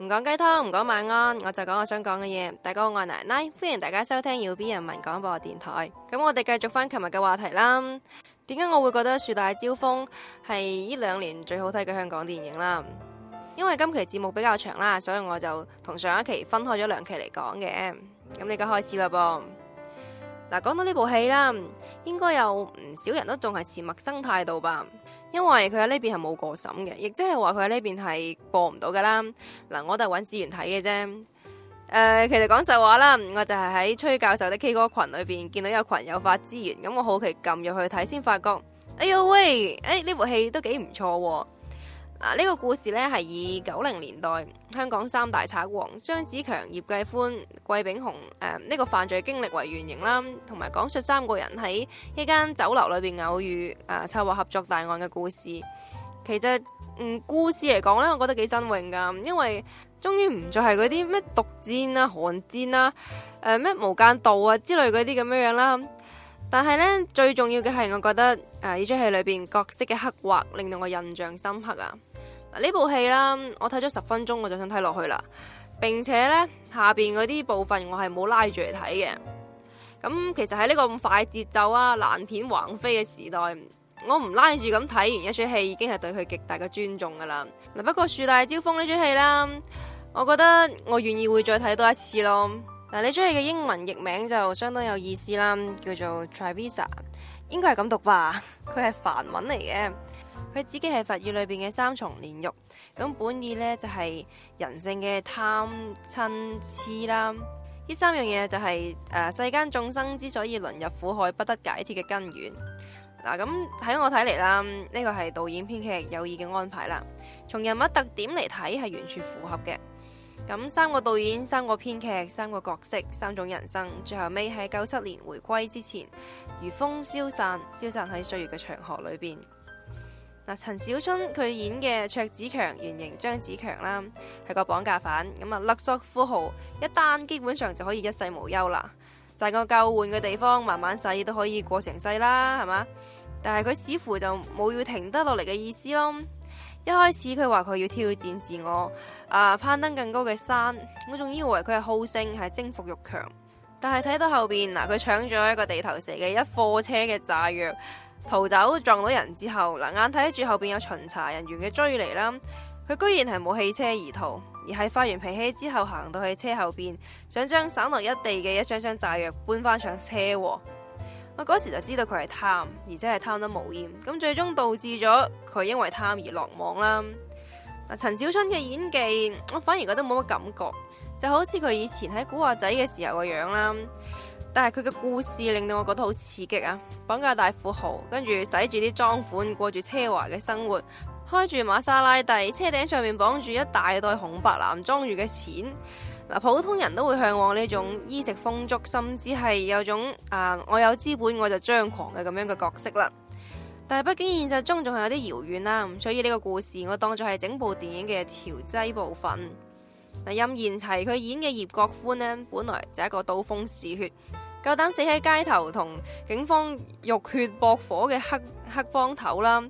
唔講雞湯，唔講晚安，我就講我想講嘅嘢。大家好，我係奶奶，歡迎大家收聽要 B 人民廣播電台。咁我哋繼續翻琴日嘅話題啦。點解我會覺得樹大招風係呢兩年最好睇嘅香港電影啦？因為今期節目比較長啦，所以我就同上一期分開咗兩期嚟講嘅。咁你而家開始啦噃。嗱，講到呢部戲啦，應該有唔少人都仲係持陌生態度吧。因為佢喺呢邊係冇過審嘅，亦即係話佢喺呢邊係播唔到噶啦。嗱，我就揾資源睇嘅啫。誒，其實講實話啦，我就係喺崔教授的 K 歌群裏邊見到有群友發資源，咁我好奇撳入去睇，先發覺，哎喲喂，誒、哎、呢部戲都幾唔錯。啊！呢、這個故事呢，係以九零年代香港三大賊王張子強、葉繼歡、季炳雄誒呢、呃這個犯罪經歷為原型啦，同埋講述三個人喺一間酒樓裏邊偶遇誒、呃、策劃合作大案嘅故事。其實嗯、呃，故事嚟講呢，我覺得幾新穎噶，因為終於唔再係嗰啲咩毒戰啦、啊、寒戰啦、啊、誒、呃、咩無間道啊之類嗰啲咁樣樣啦。但係呢，最重要嘅係，我覺得誒呢出戲裏邊角色嘅刻畫令到我印象深刻啊！呢部戲啦，我睇咗十分鐘，我就想睇落去啦，並且呢下邊嗰啲部分我係冇拉住嚟睇嘅。咁其實喺呢個咁快節奏啊、爛片橫飛嘅時代，我唔拉住咁睇完一出戲已經係對佢極大嘅尊重噶啦。嗱不過樹大招風呢出戲啦，我覺得我願意會再睇多一次咯。嗱呢出戲嘅英文譯名就相當有意思啦，叫做《Triviṣa》，應該係咁讀吧？佢係梵文嚟嘅。佢自己係佛語裏邊嘅三重煉獄，咁本意呢就係、是、人性嘅貪、嗔、痴啦。呢三樣嘢就係、是、誒、呃、世間眾生之所以淪入苦海不得解脫嘅根源。嗱、啊，咁喺我睇嚟啦，呢、這個係導演編劇有意嘅安排啦。從人物特點嚟睇，係完全符合嘅。咁三個導演、三個編劇、三個角色、三種人生，最後尾喺九七年回歸之前，如風消散，消散喺歲月嘅長河裏邊。嗱，陳小春佢演嘅卓子強原型張子強啦，係個綁架犯，咁啊勒索富豪一單基本上就可以一世無憂啦，就係、是、個救援嘅地方慢慢洗都可以過成世啦，係嘛？但係佢似乎就冇要停得落嚟嘅意思咯。一開始佢話佢要挑戰自我，啊攀登更高嘅山，我仲以為佢係好勝，係征服欲強，但係睇到後邊嗱，佢、啊、搶咗一個地頭蛇嘅一貨車嘅炸藥。逃走撞到人之後，嗱眼睇住後邊有巡查人員嘅追嚟啦，佢居然係冇棄車而逃，而係發完脾氣之後行到去車後邊，想將散落一地嘅一箱箱炸藥搬翻上車。我嗰時就知道佢係貪，而且係貪得無厭，咁最終導致咗佢因為貪而落網啦。嗱，陳小春嘅演技，我反而覺得冇乜感覺，就好似佢以前喺古惑仔嘅時候個樣啦。但係佢嘅故事令到我覺得好刺激啊！綁架大富豪，跟住使住啲贓款過住奢華嘅生活，開住瑪莎拉蒂，車頂上面綁住一大袋紅白藍裝住嘅錢。嗱，普通人都會向往呢種衣食豐足，甚至係有種啊我有資本我就張狂嘅咁樣嘅角色啦。但係畢竟現實中仲係有啲遙遠啦，所以呢個故事我當做係整部電影嘅調劑部分。任賢齊佢演嘅葉國歡呢，本來就係一個刀鋒嗜血。夠膽死喺街頭同警方浴血駁火嘅黑黑幫頭啦，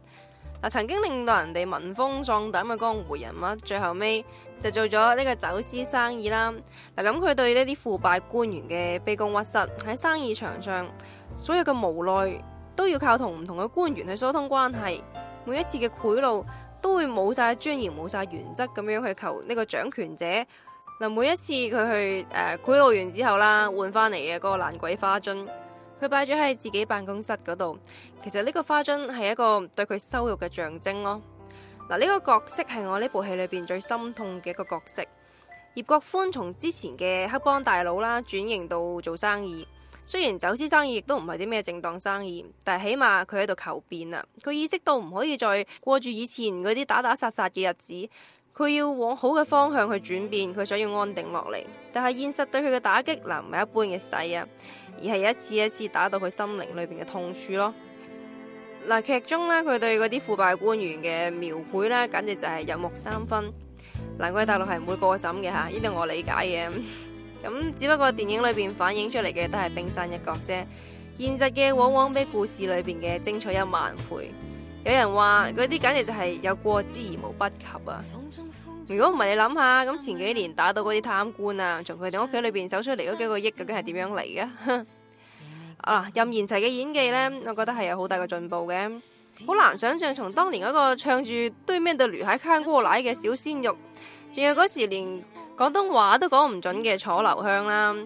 嗱，曾經令到人哋聞風喪膽嘅江湖人物，最後尾就做咗呢個走私生意啦。嗱，咁佢對呢啲腐敗官員嘅卑躬屈膝，喺生意場上所有嘅無奈都要靠同唔同嘅官員去疏通關係，每一次嘅賄賂都會冇晒尊嚴冇晒原則咁樣去求呢個掌權者。嗱，每一次佢去誒賄、呃、賂完之後啦，換翻嚟嘅嗰個爛鬼花樽，佢擺咗喺自己辦公室嗰度。其實呢個花樽係一個對佢羞辱嘅象徵咯。嗱、呃，呢、這個角色係我呢部戲裏邊最心痛嘅一個角色。葉國歡從之前嘅黑幫大佬啦轉型到做生意，雖然走私生意亦都唔係啲咩正當生意，但係起碼佢喺度求變啊！佢意識到唔可以再過住以前嗰啲打打殺殺嘅日子。佢要往好嘅方向去轉變，佢想要安定落嚟，但係現實對佢嘅打擊嗱唔係一般嘅細啊，而係一次一次打到佢心靈裏邊嘅痛處咯。嗱，劇 中呢，佢對嗰啲腐敗官員嘅描繪呢，簡直就係入木三分。難怪大陸係唔會過審嘅吓，呢度我理解嘅。咁 只不過電影裏邊反映出嚟嘅都係冰山一角啫，現實嘅往往比故事裏邊嘅精彩一萬倍。有人話嗰啲簡直就係有過之而無不及啊！如果唔係你諗下，咁前幾年打倒嗰啲貪官啊，從佢哋屋企裏邊搜出嚟嗰幾個億，究竟係點樣嚟嘅？ 啊，任賢齊嘅演技呢，我覺得係有好大嘅進步嘅，好難想象從當年嗰個唱住對面的女孩看過來嘅小鮮肉，仲有嗰時連廣東話都講唔準嘅楚留香啦、啊，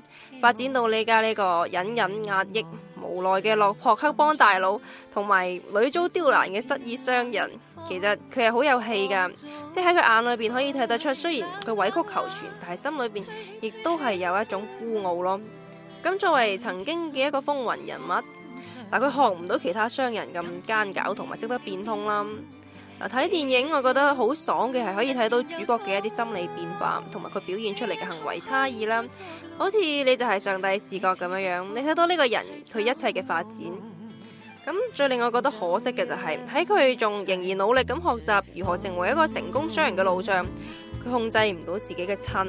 發展到而家呢個忍隱壓抑。無奈嘅落魄黑幫大佬，同埋屢遭刁難嘅失意商人，其實佢係好有戲噶，即係喺佢眼裏邊可以睇得出，雖然佢委曲求全，但係心裏邊亦都係有一種孤傲咯。咁作為曾經嘅一個風雲人物，但佢學唔到其他商人咁奸狡同埋識得變通啦。睇電影我覺得好爽嘅係可以睇到主角嘅一啲心理變化，同埋佢表現出嚟嘅行為差異啦。好似你就係上帝視角咁樣樣，你睇到呢個人佢一切嘅發展。咁最令我覺得可惜嘅就係喺佢仲仍然努力咁學習如何成為一個成功商人嘅路上，佢控制唔到自己嘅嗔，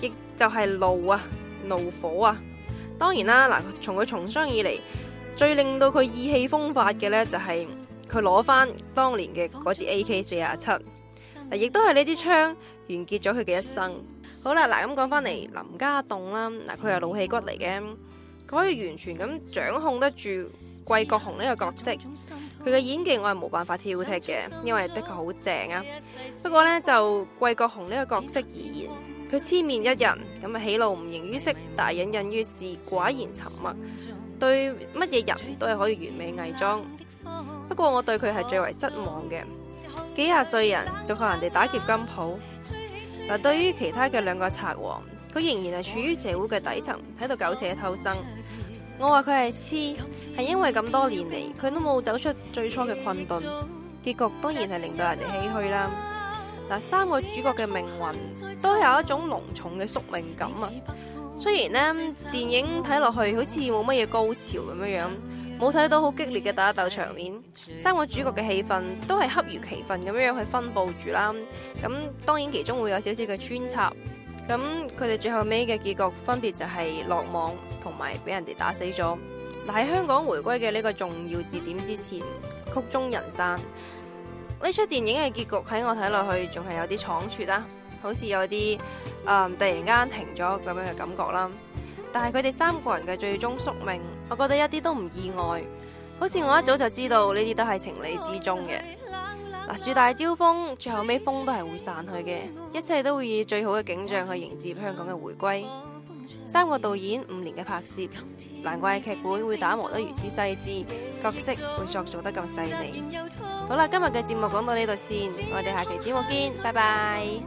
亦就係怒啊，怒火啊。當然啦，嗱，從佢從商以嚟，最令到佢意氣風發嘅呢就係、是。佢攞翻當年嘅嗰支 AK 四廿七，嗱，亦都係呢支槍完結咗佢嘅一生。好啦，嗱，咁講翻嚟，林家棟啦，嗱，佢係老戲骨嚟嘅，可以完全咁掌控得住季國雄呢個角色。佢嘅演技我係冇辦法挑剔嘅，因為的確好正啊。不過呢，就季國雄呢個角色而言，佢千面一人咁啊，喜怒唔形於色，大隱隱於市，寡言沉默，對乜嘢人都係可以完美偽裝。不過我對佢係最為失望嘅，幾廿歲人就學人哋打劫金鋪。嗱，對於其他嘅兩個賊王，佢仍然係處於社會嘅底層，喺度苟且偷生。我話佢係痴，係因為咁多年嚟，佢都冇走出最初嘅困頓，結局當然係令到人哋唏嘘啦。嗱，三個主角嘅命運都有一種濃重嘅宿命感啊。雖然呢電影睇落去好似冇乜嘢高潮咁樣樣，冇睇到好激烈嘅打鬥場面，三個主角嘅戲份都係恰如其分咁樣去分佈住啦。咁當然其中會有少少嘅穿插，咁佢哋最後尾嘅結局分別就係落網同埋俾人哋打死咗。嗱，喺香港回歸嘅呢個重要節點之前，曲終人散。呢齣電影嘅結局喺我睇落去仲係有啲倉促啦，好似有啲、呃、突然間停咗咁樣嘅感覺啦。但係佢哋三個人嘅最終宿命，我覺得一啲都唔意外，好似我一早就知道呢啲都係情理之中嘅。嗱，樹大招風，最後尾風都係會散去嘅，一切都會以最好嘅景象去迎接香港嘅回歸。三個導演五年嘅拍攝，難怪劇本會打磨得如此細緻，角色會塑造得咁細膩。好啦，今日嘅節目講到呢度先，我哋下期節目見，拜拜。